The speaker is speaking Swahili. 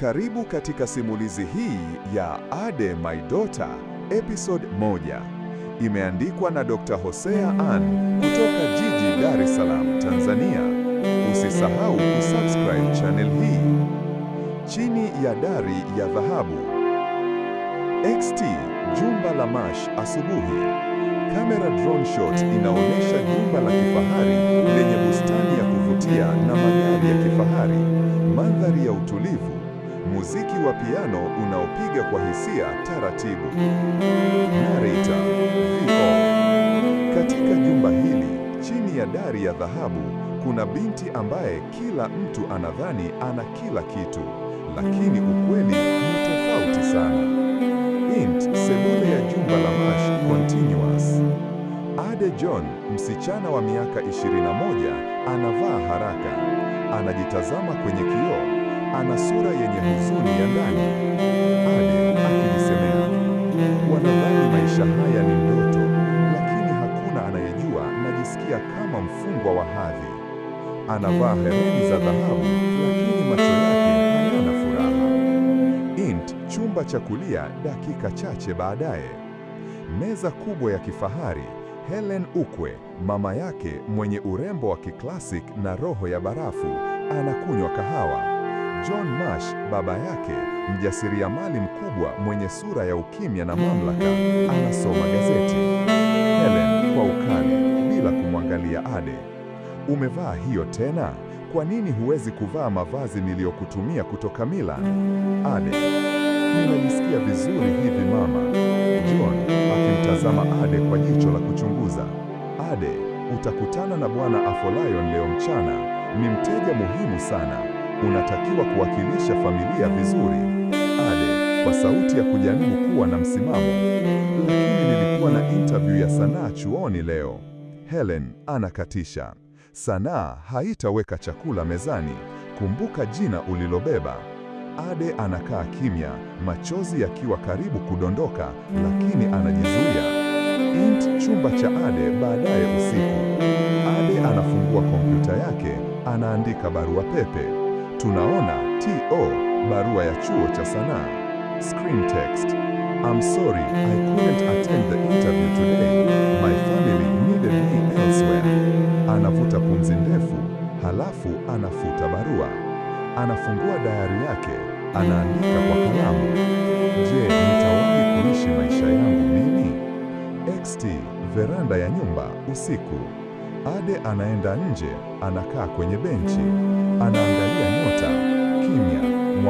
Karibu katika simulizi hii ya Ade My Daughter episode 1. Imeandikwa na Dr. Hosea Ann kutoka jiji Dar es Salaam, Tanzania. Usisahau kusubscribe channel hii. Chini ya dari ya dhahabu. XT jumba la Mash asubuhi. Kamera drone shot inaonyesha jumba la kifahari lenye bustani ya kuvutia na magari ya kifahari. Mandhari ya utulivu muziki wa piano unaopiga kwa hisia taratibu. Narita Katika jumba hili chini ya dari ya dhahabu kuna binti ambaye kila mtu anadhani ana kila kitu, lakini ukweli ni tofauti sana. Int sebule ya jumba la Mash Continuous. Ade John, msichana wa miaka 21, anavaa haraka, anajitazama kwenye kioo ana sura yenye huzuni ya ndani. Ale akijisemea, wanadhani maisha haya ni ndoto, lakini hakuna anayejua najisikia kama mfungwa wa hadhi. Anavaa hereni za dhahabu, lakini macho yake hayana furaha. Int chumba cha kulia. Dakika chache baadaye, meza kubwa ya kifahari Helen Ukwe, mama yake mwenye urembo wa kiklasik na roho ya barafu, anakunywa kahawa. John mash baba yake, mjasiriamali mkubwa mwenye sura ya ukimya na mamlaka, anasoma gazeti. Helen kwa ukali, bila kumwangalia Ade, umevaa hiyo tena? Kwa nini huwezi kuvaa mavazi niliyokutumia kutoka Milan? Ade, ninajisikia vizuri hivi mama. John akimtazama Ade kwa jicho la kuchunguza. Ade, utakutana na bwana Afolayon leo mchana, ni mteja muhimu sana unatakiwa kuwakilisha familia vizuri. Ale kwa sauti ya kujaribu kuwa na msimamo. Lakini nilikuwa na interview ya sanaa chuoni leo. Helen anakatisha. Sanaa haitaweka chakula mezani. Kumbuka jina ulilobeba. Ade anakaa kimya, machozi yakiwa karibu kudondoka, lakini anajizuia. Int chumba cha Ade baadaye usiku. Ade anafungua kompyuta yake, anaandika barua pepe. Tunaona TO, barua ya chuo cha sanaa. Screen text. I'm sorry, I couldn't attend the interview today. My family needed me elsewhere. Anavuta pumzi ndefu, halafu anafuta barua. Anafungua dayari yake, anaandika kwa kalamu. Je, nitawahi kuishi maisha yangu mimi? XT, veranda ya nyumba, usiku. Ade anaenda nje, anakaa kwenye benchi. Anaangalia ya nyota, kimya, mwanga